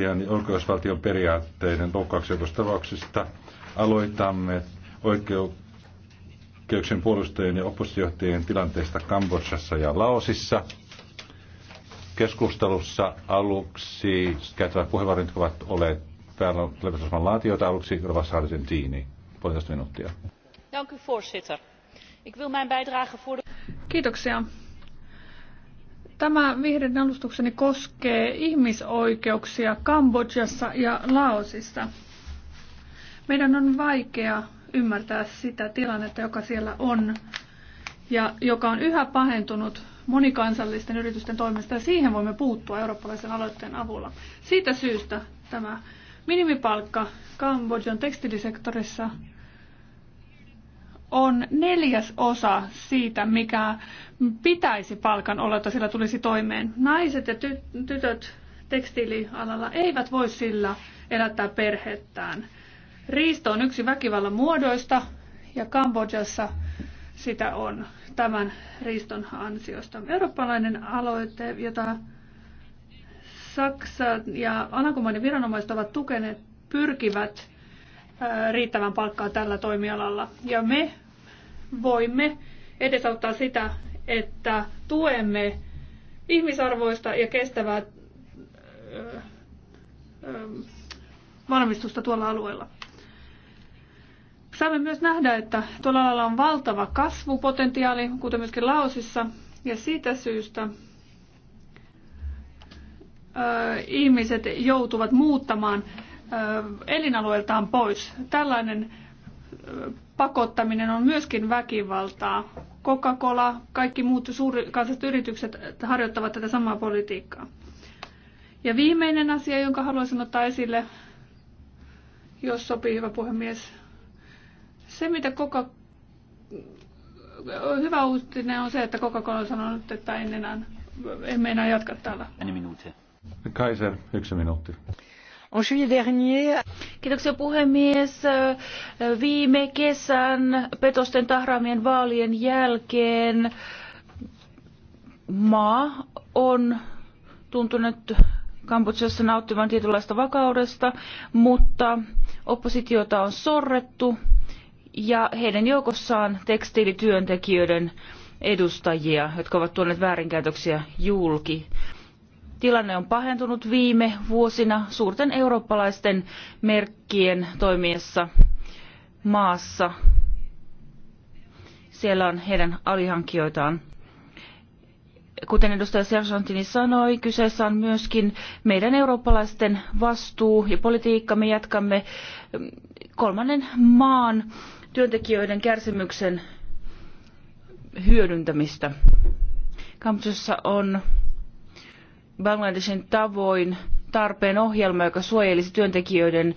demokratian oikeusvaltion periaatteiden loukkauksia aloitamme oikeuksien puolustajien ja oppositiohtajien tilanteesta Kambodsassa ja Laosissa. Keskustelussa aluksi käyttävät puheenvuorot ovat olleet täällä Lepäsosman laatioita aluksi Rovassa Argentiini. Puolitoista minuuttia. Kiitoksia Tämä vihreän alustukseni koskee ihmisoikeuksia Kambodjassa ja Laosissa. Meidän on vaikea ymmärtää sitä tilannetta, joka siellä on ja joka on yhä pahentunut monikansallisten yritysten toimesta ja siihen voimme puuttua eurooppalaisen aloitteen avulla. Siitä syystä tämä minimipalkka Kambodjan tekstilisektorissa on neljäs osa siitä, mikä pitäisi palkan olla, että sillä tulisi toimeen. Naiset ja tytöt tekstiilialalla eivät voi sillä elättää perhettään. Riisto on yksi väkivallan muodoista ja Kambodžassa sitä on tämän riiston ansiosta. Eurooppalainen aloite, jota Saksa ja Alankomaiden viranomaiset ovat tukeneet, pyrkivät riittävän palkkaa tällä toimialalla. Ja me voimme edesauttaa sitä, että tuemme ihmisarvoista ja kestävää valmistusta tuolla alueella. Saamme myös nähdä, että tuolla alalla on valtava kasvupotentiaali, kuten myöskin Laosissa, ja siitä syystä ihmiset joutuvat muuttamaan elinalueeltaan pois. Tällainen pakottaminen on myöskin väkivaltaa. Coca-Cola, kaikki muut suurikansalliset yritykset harjoittavat tätä samaa politiikkaa. Ja viimeinen asia, jonka haluaisin ottaa esille, jos sopii, hyvä puhemies. Se, mitä Coca... Hyvä uutinen on se, että Coca-Cola on sanonut, että en enää, emme enää jatka täällä. Kaiser, yksi minuutti en juillet dernier... Kiitoksia puhemies. Viime kesän petosten tahraamien vaalien jälkeen maa on tuntunut Kambodsjassa nauttivan tietynlaista vakaudesta, mutta oppositiota on sorrettu ja heidän joukossaan tekstiilityöntekijöiden edustajia, jotka ovat tuoneet väärinkäytöksiä julki. Tilanne on pahentunut viime vuosina suurten eurooppalaisten merkkien toimiessa maassa. Siellä on heidän alihankijoitaan. Kuten edustaja Sergentini sanoi, kyseessä on myöskin meidän eurooppalaisten vastuu ja politiikka. Me jatkamme mm, kolmannen maan työntekijöiden kärsimyksen hyödyntämistä. Kampuksessa on Bangladeshin tavoin tarpeen ohjelma, joka suojelisi työntekijöiden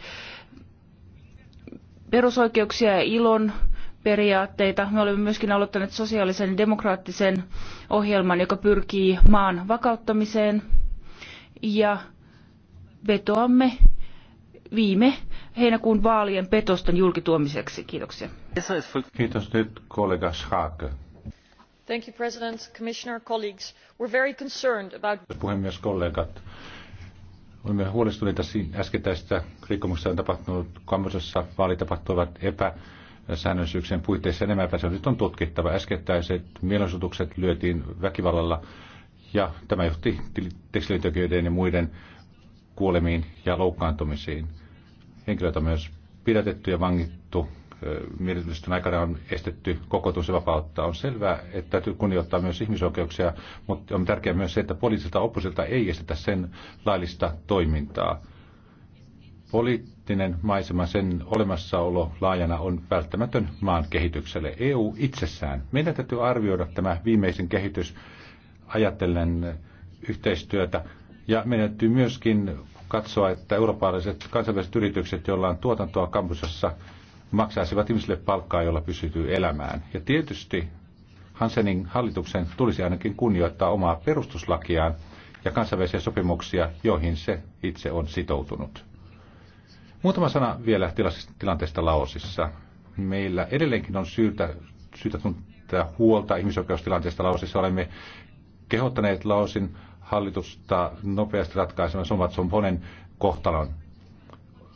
perusoikeuksia ja ilon periaatteita. Me olemme myöskin aloittaneet sosiaalisen demokraattisen ohjelman, joka pyrkii maan vakauttamiseen. Ja vetoamme viime heinäkuun vaalien petosten julkituomiseksi. Kiitoksia. Kiitos nyt kollega Schaake arvoisa about... puhemies kollegat olemme huolestuneita äskettäisistä rikkomuksista on tapahtunut kambodassa. Vaalit tapahtuivat epäsäännöllisyyksien puitteissa ja nämä epäsäännöllisyydet on tutkittava. Äskettäiset mielenosoitukset lyötiin väkivallalla ja tämä johti tekstilintekijöiden ja muiden kuolemiin ja loukkaantumisiin. Henkilöitä on myös pidätetty ja vangittu Mielestäni aikana on estetty kokotus On selvää, että täytyy kunnioittaa myös ihmisoikeuksia, mutta on tärkeää myös se, että poliisilta oppositiolta ei estetä sen laillista toimintaa. Poliittinen maisema, sen olemassaolo laajana on välttämätön maan kehitykselle. EU itsessään. Meidän täytyy arvioida tämä viimeisin kehitys ajatellen yhteistyötä ja meidän täytyy myöskin katsoa, että eurooppalaiset kansainväliset yritykset, joilla on tuotantoa kampusassa, maksaisivat ihmisille palkkaa, jolla pysytyy elämään. Ja tietysti Hansenin hallituksen tulisi ainakin kunnioittaa omaa perustuslakiaan ja kansainvälisiä sopimuksia, joihin se itse on sitoutunut. Muutama sana vielä tilanteesta Laosissa. Meillä edelleenkin on syytä, syytä tuntea huolta ihmisoikeustilanteesta Laosissa. Olemme kehottaneet Laosin hallitusta nopeasti ratkaisemaan Somvat kohtalon.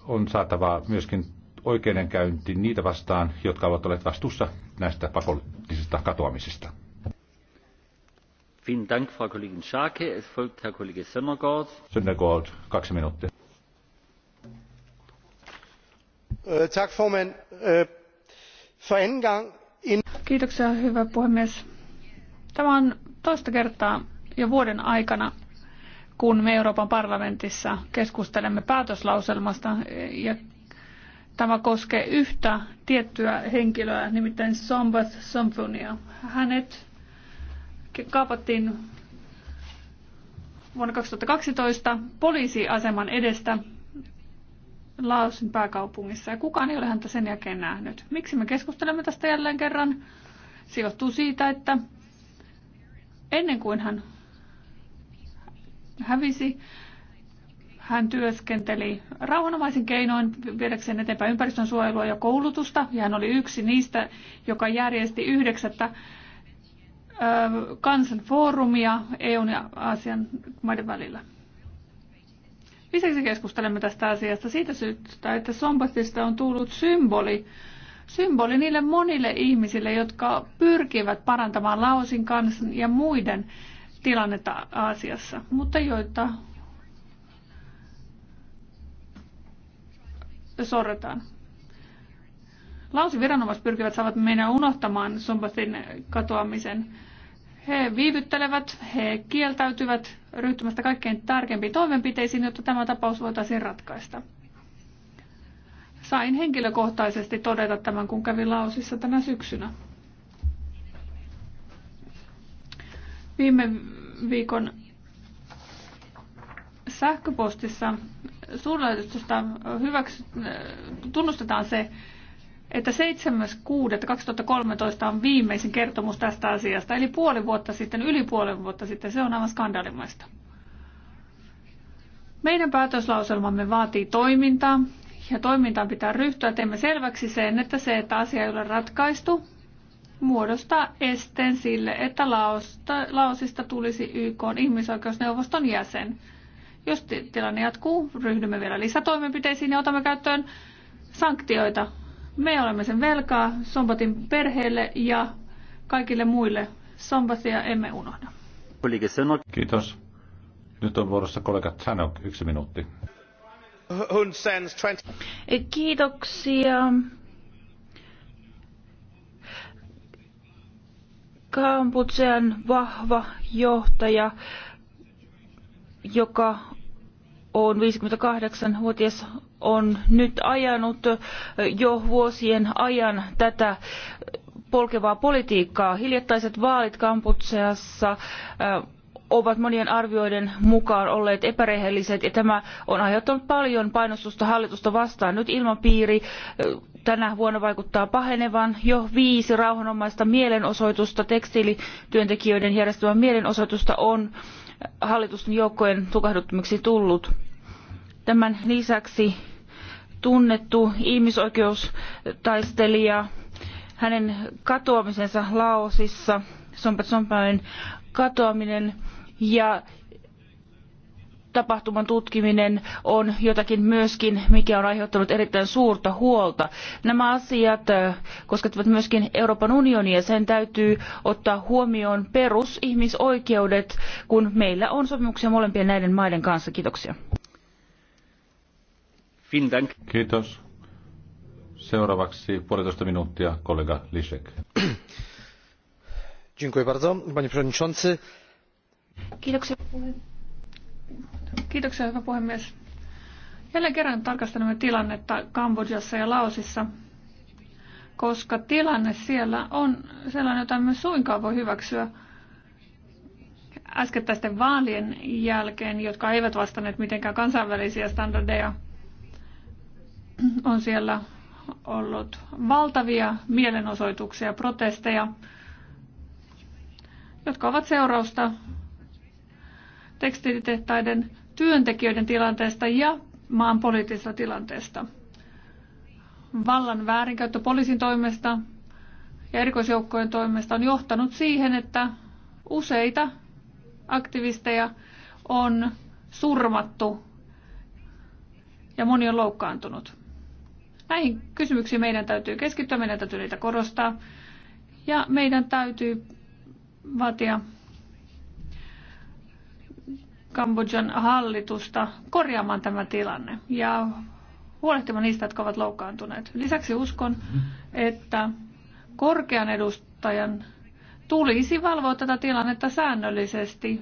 On saatava myöskin oikeudenkäynti niitä vastaan, jotka ovat olleet vastuussa näistä pakollisista katoamisista. Vielen Dank, Frau Kollegin Schake. Es folgt Herr Kollege Sönnergaard. Sönnergaard, kaksi minuuttia. Äh, tak, formand. Äh, for anden gang in... Kiitoksia, hyvä puhemies. Tämä on toista kertaa jo vuoden aikana, kun me Euroopan parlamentissa keskustelemme päätöslauselmasta ja Tämä koskee yhtä tiettyä henkilöä, nimittäin Sambath Symphonia. Hänet kaapattiin vuonna 2012 poliisiaseman edestä Laosin pääkaupungissa ja kukaan ei ole häntä sen jälkeen nähnyt. Miksi me keskustelemme tästä jälleen kerran? Se johtuu siitä, että ennen kuin hän hävisi, hän työskenteli rauhanomaisen keinoin viedäkseen eteenpäin ympäristönsuojelua ja koulutusta, ja hän oli yksi niistä, joka järjesti yhdeksättä kansanfoorumia EUn ja Aasian maiden välillä. Lisäksi keskustelemme tästä asiasta siitä syystä, että Sombatista on tullut symboli, symboli niille monille ihmisille, jotka pyrkivät parantamaan Laosin kansan ja muiden tilannetta Aasiassa, mutta joita sorretaan. Lausiviranomaiset pyrkivät saavat meidän unohtamaan Sombastin katoamisen. He viivyttelevät, he kieltäytyvät ryhtymästä kaikkein tarkempiin toimenpiteisiin, jotta tämä tapaus voitaisiin ratkaista. Sain henkilökohtaisesti todeta tämän, kun kävin Laosissa tänä syksynä. Viime viikon sähköpostissa suurlähetystöstä hyväksy, tunnustetaan se, että 7.6.2013 on viimeisin kertomus tästä asiasta, eli puoli vuotta sitten, yli puoli vuotta sitten, se on aivan skandaalimaista. Meidän päätöslauselmamme vaatii toimintaa, ja toimintaan pitää ryhtyä. Teemme selväksi sen, että se, että asia ei ole ratkaistu, muodostaa esteen sille, että Laosista tulisi YK ihmisoikeusneuvoston jäsen. Jos tilanne jatkuu, ryhdymme vielä lisätoimenpiteisiin ja otamme käyttöön sanktioita. Me olemme sen velkaa Sombatin perheelle ja kaikille muille. Sombatia emme unohda. Kiitos. Nyt on vuorossa kollega Tanok, yksi minuutti. Eh, kiitoksia. Kamputsean vahva johtaja, joka on 58-vuotias, on nyt ajanut jo vuosien ajan tätä polkevaa politiikkaa. Hiljattaiset vaalit Kamputseassa äh, ovat monien arvioiden mukaan olleet epärehelliset ja tämä on aiheuttanut paljon painostusta hallitusta vastaan. Nyt ilmapiiri äh, tänä vuonna vaikuttaa pahenevan. Jo viisi rauhanomaista mielenosoitusta, tekstiilityöntekijöiden järjestämää mielenosoitusta on hallitusten joukkojen tukahduttamiksi tullut. Tämän lisäksi tunnettu ihmisoikeustaistelija, hänen katoamisensa Laosissa, Sompet Sompain katoaminen ja tapahtuman tutkiminen on jotakin myöskin, mikä on aiheuttanut erittäin suurta huolta. Nämä asiat äh, koskettavat myöskin Euroopan unionia. Sen täytyy ottaa huomioon perusihmisoikeudet, kun meillä on sopimuksia molempien näiden maiden kanssa. Kiitoksia. Kiitos. Seuraavaksi puolitoista minuuttia kollega Lisek. Dziękuję bardzo, panie przewodniczący. Kiitoksia, Kiitoksia hyvä puhemies. Jälleen kerran tarkastelemme tilannetta Kambodjassa ja Laosissa, koska tilanne siellä on sellainen, jota myös suinkaan voi hyväksyä äskettäisten vaalien jälkeen, jotka eivät vastanneet mitenkään kansainvälisiä standardeja – on siellä ollut valtavia mielenosoituksia, protesteja, jotka ovat seurausta tekstiilitehtaiden työntekijöiden tilanteesta ja maan poliittisesta tilanteesta. Vallan väärinkäyttö poliisin toimesta ja erikoisjoukkojen toimesta on johtanut siihen, että useita aktivisteja on surmattu ja moni on loukkaantunut. Näihin kysymyksiin meidän täytyy keskittyä, meidän täytyy niitä korostaa ja meidän täytyy vaatia Kambodjan hallitusta korjaamaan tämä tilanne ja huolehtimaan niistä, jotka ovat loukkaantuneet. Lisäksi uskon, että korkean edustajan tulisi valvoa tätä tilannetta säännöllisesti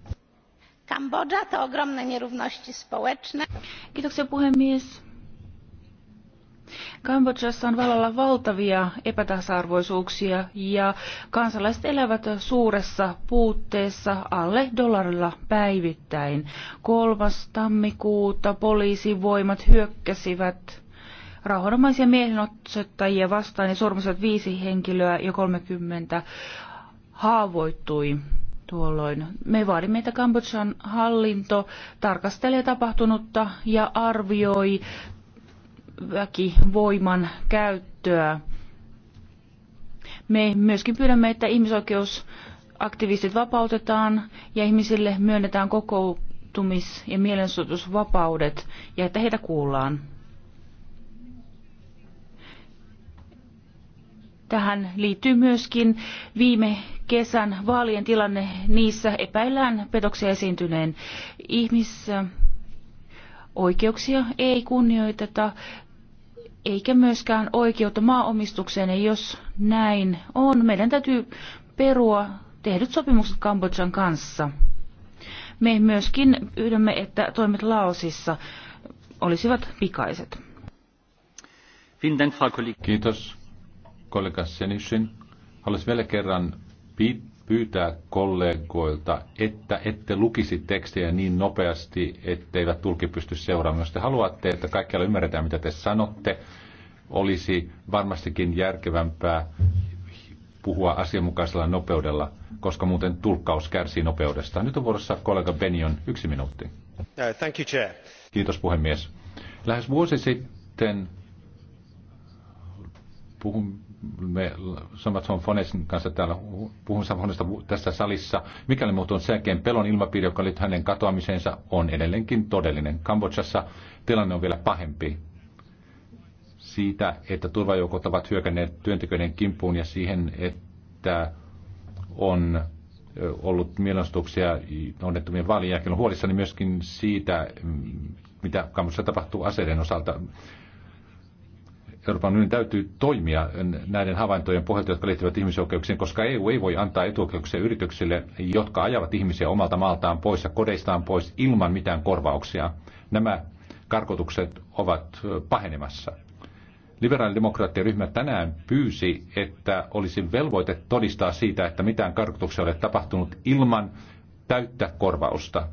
kambodża to ogromne nierówności społeczne. Kiitoksia puhemies. Kambodžassa on vallalla valtavia epätasa-arvoisuuksia ja kansalaiset elävät suuressa puutteessa alle dollarilla päivittäin. 3. tammikuuta poliisivoimat hyökkäsivät rauhanomaisia mielenosoittajia vastaan ja surmasivat viisi henkilöä ja 30 haavoittui tuolloin. Me vaadimme, että Kambodžan hallinto tarkastelee tapahtunutta ja arvioi väkivoiman käyttöä. Me myöskin pyydämme, että ihmisoikeusaktivistit vapautetaan ja ihmisille myönnetään kokoutumis- ja mielensuotusvapaudet ja että heitä kuullaan. Tähän liittyy myöskin viime kesän vaalien tilanne. Niissä epäillään petoksia esiintyneen ihmisoikeuksia ei kunnioiteta eikä myöskään oikeutta maaomistukseen. Ja jos näin on, meidän täytyy perua tehdyt sopimukset Kambodžan kanssa. Me myöskin pyydämme, että toimet Laosissa olisivat pikaiset. Kiitos kollega Senishin. Haluaisin vielä kerran pyytää kollegoilta, että ette lukisi tekstiä niin nopeasti, etteivät tulki pysty seuraamaan. Jos te haluatte, että kaikkialla ymmärretään, mitä te sanotte, olisi varmastikin järkevämpää puhua asianmukaisella nopeudella, koska muuten tulkkaus kärsii nopeudesta. Nyt on vuorossa kollega Benion yksi minuutti. Uh, thank you, chair. Kiitos puhemies. Lähes vuosi sitten puhun me Samatson Fonesin kanssa täällä puhun Fonesta tässä salissa, mikäli muut on selkeän pelon ilmapiiri, joka liittyy hänen katoamiseensa, on edelleenkin todellinen. Kambodsassa tilanne on vielä pahempi siitä, että turvajoukot ovat hyökänneet työntekijöiden kimppuun ja siihen, että on ollut mielenostuksia onnettomien vaalien jälkeen. Olen huolissani myöskin siitä, mitä Kambodsassa tapahtuu aseiden osalta. Euroopan unionin täytyy toimia näiden havaintojen pohjalta, jotka liittyvät ihmisoikeuksiin, koska EU ei voi antaa etuoikeuksia yrityksille, jotka ajavat ihmisiä omalta maaltaan pois ja kodeistaan pois ilman mitään korvauksia. Nämä karkotukset ovat pahenemassa. Liberaalidemokraattien ryhmä tänään pyysi, että olisi velvoite todistaa siitä, että mitään karkotuksia ole tapahtunut ilman täyttä korvausta.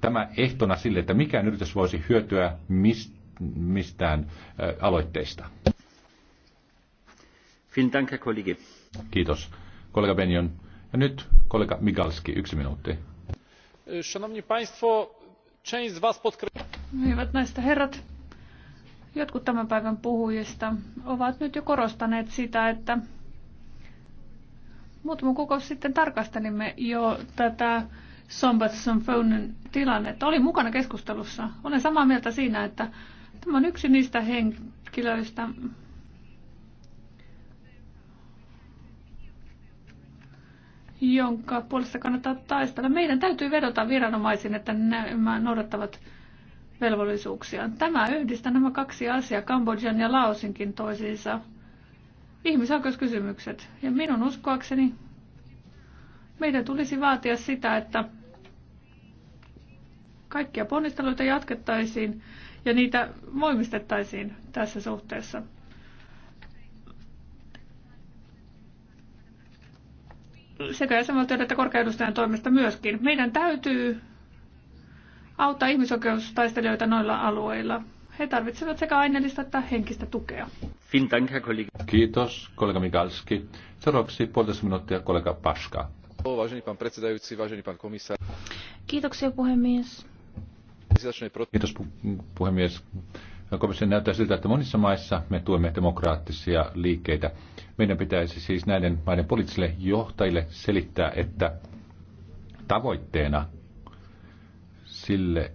Tämä ehtona sille, että mikään yritys voisi hyötyä mistä mistään aloitteista. Kiitos, kollega Benjon. Ja nyt kollega Migalski, yksi minuutti. Szanowni Państwo, część z Was Hyvät näistä herrat, jotkut tämän päivän puhujista ovat nyt jo korostaneet sitä, että muutama kuukausi sitten tarkastelimme jo tätä Sombatson Phonen tilannetta. Olin mukana keskustelussa. Olen samaa mieltä siinä, että Tämä on yksi niistä henkilöistä, jonka puolesta kannattaa taistella. Meidän täytyy vedota viranomaisiin, että nämä noudattavat velvollisuuksiaan. Tämä yhdistää nämä kaksi asiaa, Kambodjan ja Laosinkin toisiinsa. Ihmisoikeuskysymykset. Ja minun uskoakseni meidän tulisi vaatia sitä, että kaikkia ponnisteluita jatkettaisiin ja niitä voimistettaisiin tässä suhteessa. sekä jäsenvaltioiden että korkeudustajan toimesta myöskin. Meidän täytyy auttaa ihmisoikeustaistelijoita noilla alueilla. He tarvitsevat sekä aineellista että henkistä tukea. Kiitos, kollega Mikalski. Seuraavaksi puolitoista minuuttia kollega Paska. Kiitoksia puhemies. Kiitos puhemies. Komissio näyttää siltä, että monissa maissa me tuemme demokraattisia liikkeitä. Meidän pitäisi siis näiden maiden poliittisille johtajille selittää, että tavoitteena sille,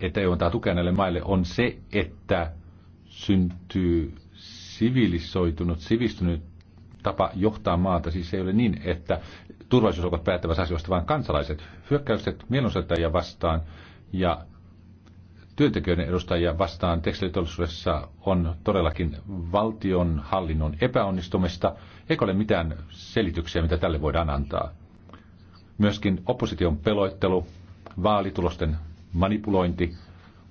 että EU antaa tukea näille maille, on se, että syntyy sivilisoitunut, sivistynyt tapa johtaa maata. Siis ei ole niin, että ovat päättävässä asioista, vaan kansalaiset. Hyökkäykset mielenosoittajia vastaan ja työntekijöiden edustajia vastaan tekstiliteollisuudessa on todellakin valtion hallinnon epäonnistumista, eikä ole mitään selityksiä, mitä tälle voidaan antaa. Myöskin opposition peloittelu, vaalitulosten manipulointi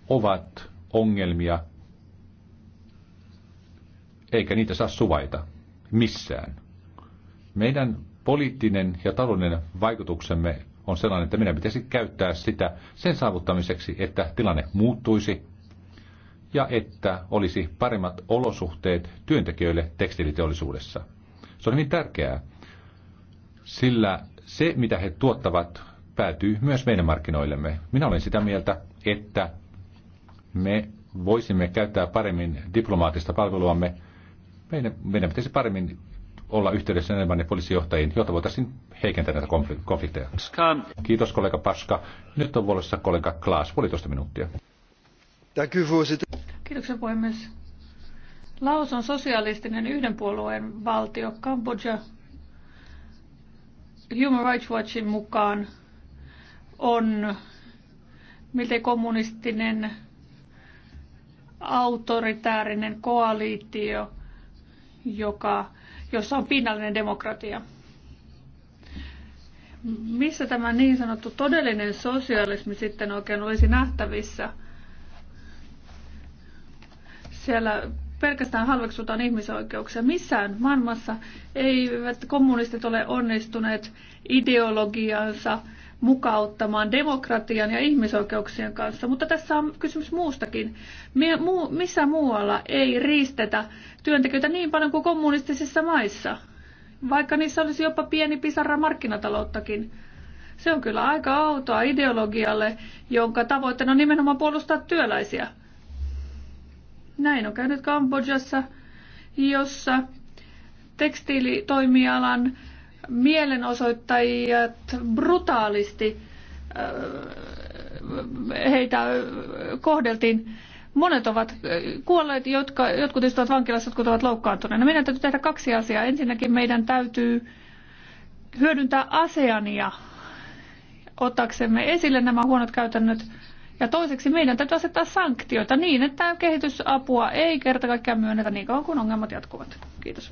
ovat ongelmia, eikä niitä saa suvaita missään. Meidän poliittinen ja taloudellinen vaikutuksemme on sellainen, että meidän pitäisi käyttää sitä sen saavuttamiseksi, että tilanne muuttuisi ja että olisi paremmat olosuhteet työntekijöille tekstiiliteollisuudessa. Se on hyvin tärkeää, sillä se, mitä he tuottavat, päätyy myös meidän markkinoillemme. Minä olen sitä mieltä, että me voisimme käyttää paremmin diplomaattista palveluamme meidän, meidän pitäisi paremmin olla yhteydessä enemmän poliisijohtajiin, jotta voitaisiin heikentää näitä konflikteja. Kiitos kollega Paska. Nyt on vuorossa kollega Klaas, puolitoista minuuttia. Kiitoksia puhemies. Laos on sosialistinen yhden puolueen valtio. Kambodža Human Rights Watchin mukaan on miltei kommunistinen autoritäärinen koaliitio – joka, jossa on pinnallinen demokratia. Missä tämä niin sanottu todellinen sosialismi sitten oikein olisi nähtävissä? Siellä pelkästään halveksutaan ihmisoikeuksia. Missään maailmassa eivät kommunistit ole onnistuneet ideologiansa mukauttamaan demokratian ja ihmisoikeuksien kanssa. Mutta tässä on kysymys muustakin. Missä muualla ei riistetä työntekijöitä niin paljon kuin kommunistisissa maissa? Vaikka niissä olisi jopa pieni pisara markkinatalouttakin. Se on kyllä aika autoa ideologialle, jonka tavoitteena on nimenomaan puolustaa työläisiä. Näin on käynyt Kambodjassa, jossa tekstiilitoimialan mielenosoittajat brutaalisti äh, heitä äh, kohdeltiin. Monet ovat äh, kuolleet, jotka, jotkut istuvat vankilassa, jotkut ovat loukkaantuneena. Meidän täytyy tehdä kaksi asiaa. Ensinnäkin meidän täytyy hyödyntää aseania ottaaksemme esille nämä huonot käytännöt. Ja toiseksi meidän täytyy asettaa sanktioita niin, että kehitysapua ei kerta kaikkiaan myönnetä niin kauan kuin ongelmat jatkuvat. Kiitos.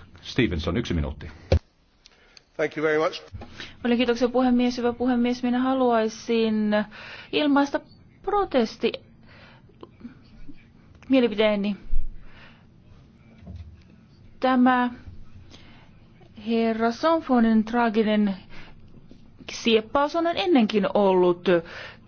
Stevenson, yksi minuutti. Thank you very much. Oli kiitoksia puhemies. Hyvä puhemies, minä haluaisin ilmaista protesti mielipiteeni. Tämä herra Sonfonen traaginen sieppaus on ennenkin ollut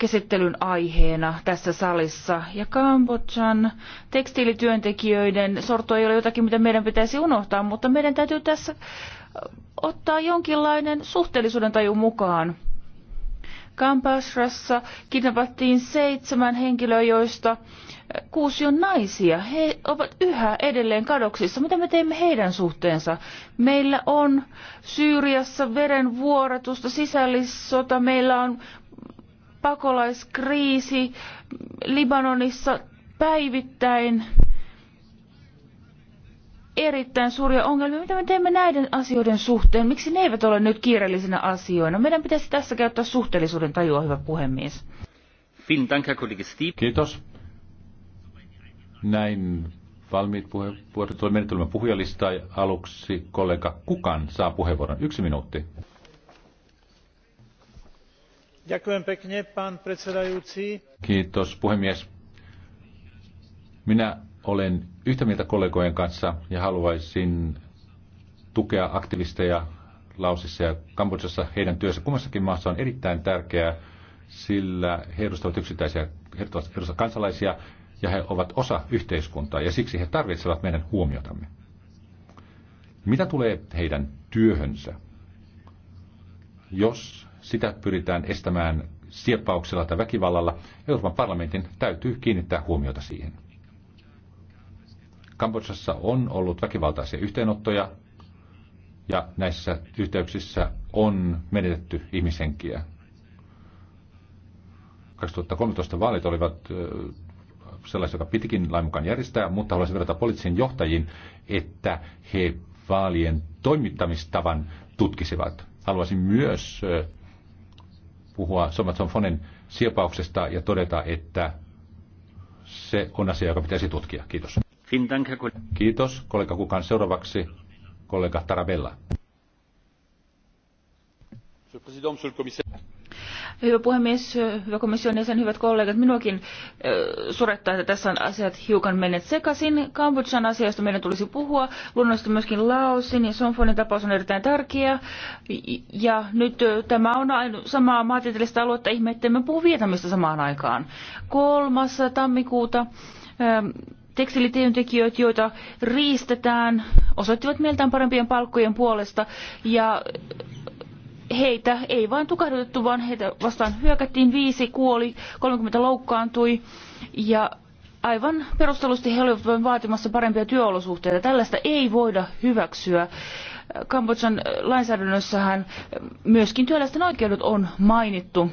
käsittelyn aiheena tässä salissa. Ja Kambodjan tekstiilityöntekijöiden sorto ei ole jotakin, mitä meidän pitäisi unohtaa, mutta meidän täytyy tässä ottaa jonkinlainen suhteellisuuden taju mukaan. Kampasrassa kidnappattiin seitsemän henkilöä, joista kuusi on naisia. He ovat yhä edelleen kadoksissa. Mitä me teemme heidän suhteensa? Meillä on Syyriassa verenvuoratusta, sisällissota, meillä on pakolaiskriisi Libanonissa päivittäin erittäin suuria ongelmia. Mitä me teemme näiden asioiden suhteen? Miksi ne eivät ole nyt kiireellisinä asioina? Meidän pitäisi tässä käyttää suhteellisuuden tajua, hyvä puhemies. Kiitos. Näin valmiit puheenvuorot. Tulee menetelmä puhujalistaa aluksi kollega Kukan saa puheenvuoron. Yksi minuutti. Kiitos puhemies. Minä olen yhtä mieltä kollegojen kanssa ja haluaisin tukea aktivisteja Laosissa ja Kambodžassa heidän työssä. Kummassakin maassa on erittäin tärkeää, sillä he edustavat yksittäisiä he edustavat kansalaisia ja he ovat osa yhteiskuntaa ja siksi he tarvitsevat meidän huomiotamme. Mitä tulee heidän työhönsä? Jos sitä pyritään estämään sieppauksella tai väkivallalla. Euroopan parlamentin täytyy kiinnittää huomiota siihen. Kambodsassa on ollut väkivaltaisia yhteenottoja ja näissä yhteyksissä on menetetty ihmishenkiä. 2013 vaalit olivat sellaisia, joka pitikin lain mukaan järjestää, mutta haluaisin verrata poliittisiin johtajiin, että he vaalien toimittamistavan tutkisivat. Haluaisin myös puhua Somatson Fonen siepauksesta ja todeta, että se on asia, joka pitäisi tutkia. Kiitos. Kiitos. Kollega Kukan seuraavaksi. Kollega Tarabella. Hyvä puhemies, hyvä komission jäsen, hyvät kollegat, minuakin surettaa, että tässä on asiat hiukan menneet sekaisin. Kambodjan asioista meidän tulisi puhua, luonnollisesti myöskin Laosin ja Somfonin tapaus on erittäin tärkeä. Ja nyt tämä on samaa maantieteellistä aluetta, ihme, että me puhu vietämistä samaan aikaan. Kolmas tammikuuta äh, joita riistetään, osoittivat mieltään parempien palkkojen puolesta ja heitä ei vain tukahdutettu, vaan heitä vastaan hyökättiin. Viisi kuoli, 30 loukkaantui ja aivan perustellusti he olivat vain vaatimassa parempia työolosuhteita. Tällaista ei voida hyväksyä. Kambodjan lainsäädännössähän myöskin työläisten oikeudet on mainittu.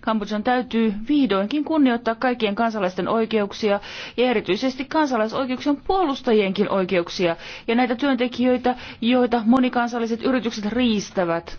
Kambodjan täytyy vihdoinkin kunnioittaa kaikkien kansalaisten oikeuksia ja erityisesti kansalaisoikeuksien puolustajienkin oikeuksia ja näitä työntekijöitä, joita monikansalliset yritykset riistävät.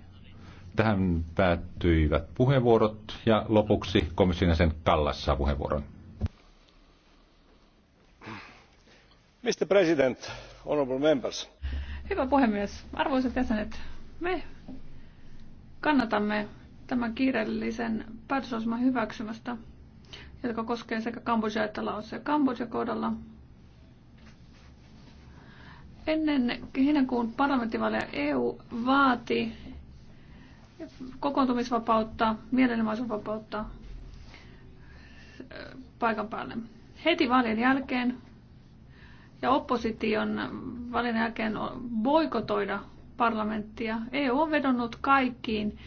Tähän päättyivät puheenvuorot ja lopuksi komission sen kallassa puheenvuoron. Mr. President, honorable members. Hyvä puhemies, arvoisat jäsenet, me kannatamme tämän kiireellisen päätösosman hyväksymästä, joka koskee sekä Kambodžaa että Laosia. Kambodža kohdalla ennen heinäkuun parlamenttivaaleja EU vaati kokoontumisvapautta, mielenilmaisuvapautta äh, paikan päälle. Heti vaalien jälkeen ja opposition vaalien jälkeen boikotoida parlamenttia. EU on vedonnut kaikkiin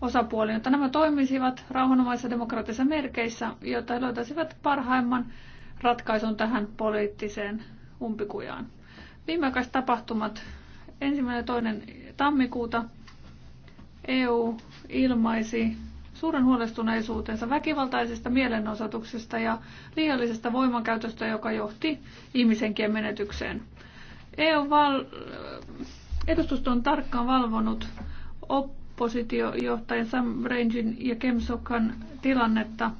osapuoliin, että nämä toimisivat rauhanomaisissa demokraattisissa merkeissä, jotta he löytäisivät parhaimman ratkaisun tähän poliittiseen umpikujaan. Viimeaikaiset tapahtumat ensimmäinen ja toinen tammikuuta EU ilmaisi suuren huolestuneisuutensa väkivaltaisista mielenosoituksista ja liiallisesta voimankäytöstä, joka johti ihmisenkien menetykseen. EU val- edustusto on tarkkaan valvonut oppositiojohtajan Sam Rangin ja Kem Sokan tilannetta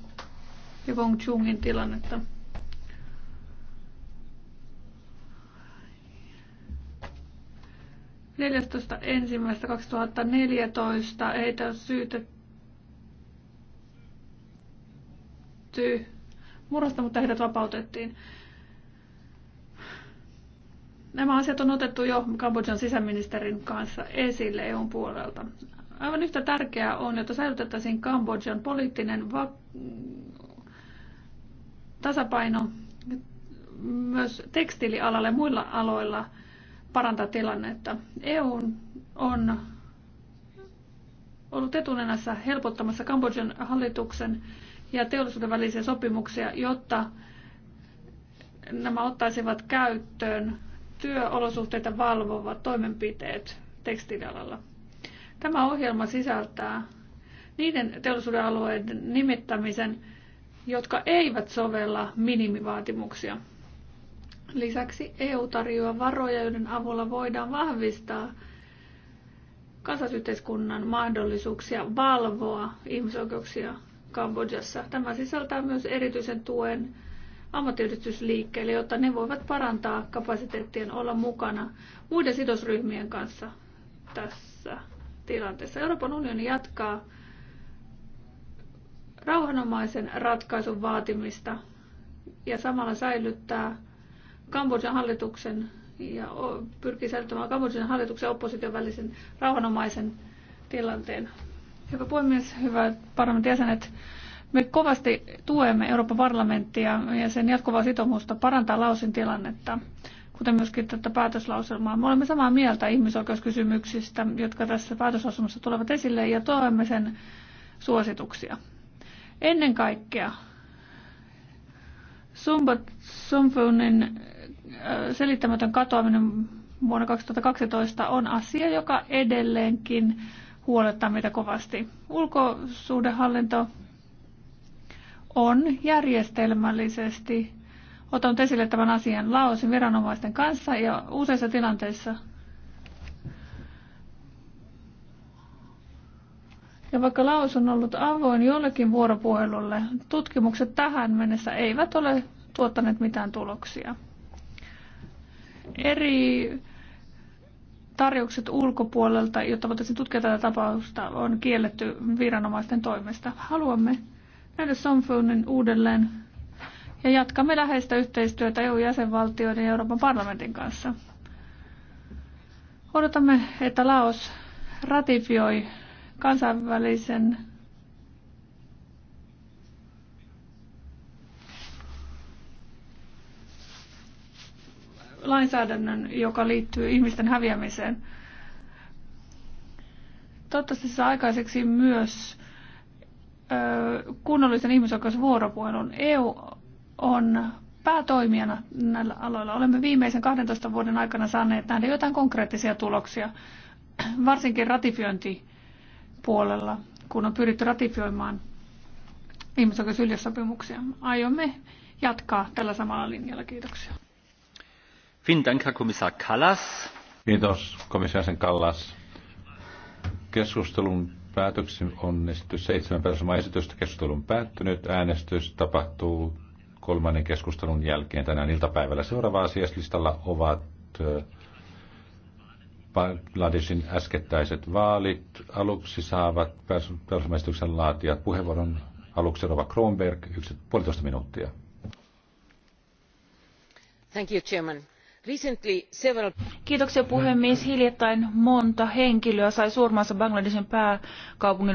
ja Wong Chungin tilannetta. 14.1.2014 heitä on syytetty murhasta, mutta heidät vapautettiin. Nämä asiat on otettu jo Kambodjan sisäministerin kanssa esille EUn puolelta. Aivan yhtä tärkeää on, että säilytettäisiin Kambodjan poliittinen va- tasapaino myös tekstiilialalle muilla aloilla – parantaa tilannetta. EU on ollut etunenässä helpottamassa Kambodjan hallituksen ja teollisuuden välisiä sopimuksia, jotta nämä ottaisivat käyttöön työolosuhteita valvovat toimenpiteet tekstiilialalla. Tämä ohjelma sisältää niiden teollisuuden alueiden nimittämisen, jotka eivät sovella minimivaatimuksia. Lisäksi EU tarjoaa varoja, joiden avulla voidaan vahvistaa kansallisyhteiskunnan mahdollisuuksia valvoa ihmisoikeuksia Kambodjassa. Tämä sisältää myös erityisen tuen ammattiyhdistysliikkeelle, jotta ne voivat parantaa kapasiteettien olla mukana muiden sidosryhmien kanssa tässä tilanteessa. Euroopan unioni jatkaa rauhanomaisen ratkaisun vaatimista ja samalla säilyttää Kambodjan hallituksen ja pyrkii säilyttämään Kambodjan hallituksen opposition välisen rauhanomaisen tilanteen. Hyvä puhemies, hyvät parlamentin jäsenet. Me kovasti tuemme Euroopan parlamenttia ja sen jatkuvaa sitoumusta parantaa lausin tilannetta, kuten myöskin tätä päätöslauselmaa. Me olemme samaa mieltä ihmisoikeuskysymyksistä, jotka tässä päätöslauselmassa tulevat esille, ja tuemme sen suosituksia. Ennen kaikkea Sumbat Sumfunin selittämätön katoaminen vuonna 2012 on asia, joka edelleenkin huolettaa meitä kovasti. Ulkosuhdehallinto on järjestelmällisesti ottanut esille tämän asian Laosin viranomaisten kanssa ja useissa tilanteissa. Ja vaikka Laos on ollut avoin jollekin vuoropuhelulle, tutkimukset tähän mennessä eivät ole tuottaneet mitään tuloksia eri tarjoukset ulkopuolelta, jotta voitaisiin tutkia tätä tapausta, on kielletty viranomaisten toimesta. Haluamme nähdä Somfunin uudelleen ja jatkamme läheistä yhteistyötä EU-jäsenvaltioiden ja Euroopan parlamentin kanssa. Odotamme, että Laos ratifioi kansainvälisen lainsäädännön, joka liittyy ihmisten häviämiseen. Toivottavasti saa aikaiseksi myös ö, kunnollisen ihmisoikeusvuoropuhelun. EU on päätoimijana näillä aloilla. Olemme viimeisen 12 vuoden aikana saaneet nähdä jotain konkreettisia tuloksia, varsinkin ratifiointipuolella, kun on pyritty ratifioimaan ihmisoikeusyliösopimuksia. Aiomme jatkaa tällä samalla linjalla. Kiitoksia. Kiitos komissaarisen Kallas. Keskustelun päätöksen onnistus seitsemän perusmaa esitystä. Keskustelun päättynyt. Äänestys tapahtuu kolmannen keskustelun jälkeen tänään iltapäivällä. Seuraava asiaslistalla ovat äh, Bangladesin äskettäiset vaalit. Aluksi saavat perusmaisityksen laatijat puheenvuoron aluksi Rova Kronberg, yksi, puolitoista minuuttia. Thank you, Chairman arvoisa Kiitoksia puhemies. Hiljattain monta henkilöä sai surmansa Bangladesin pääkaupungin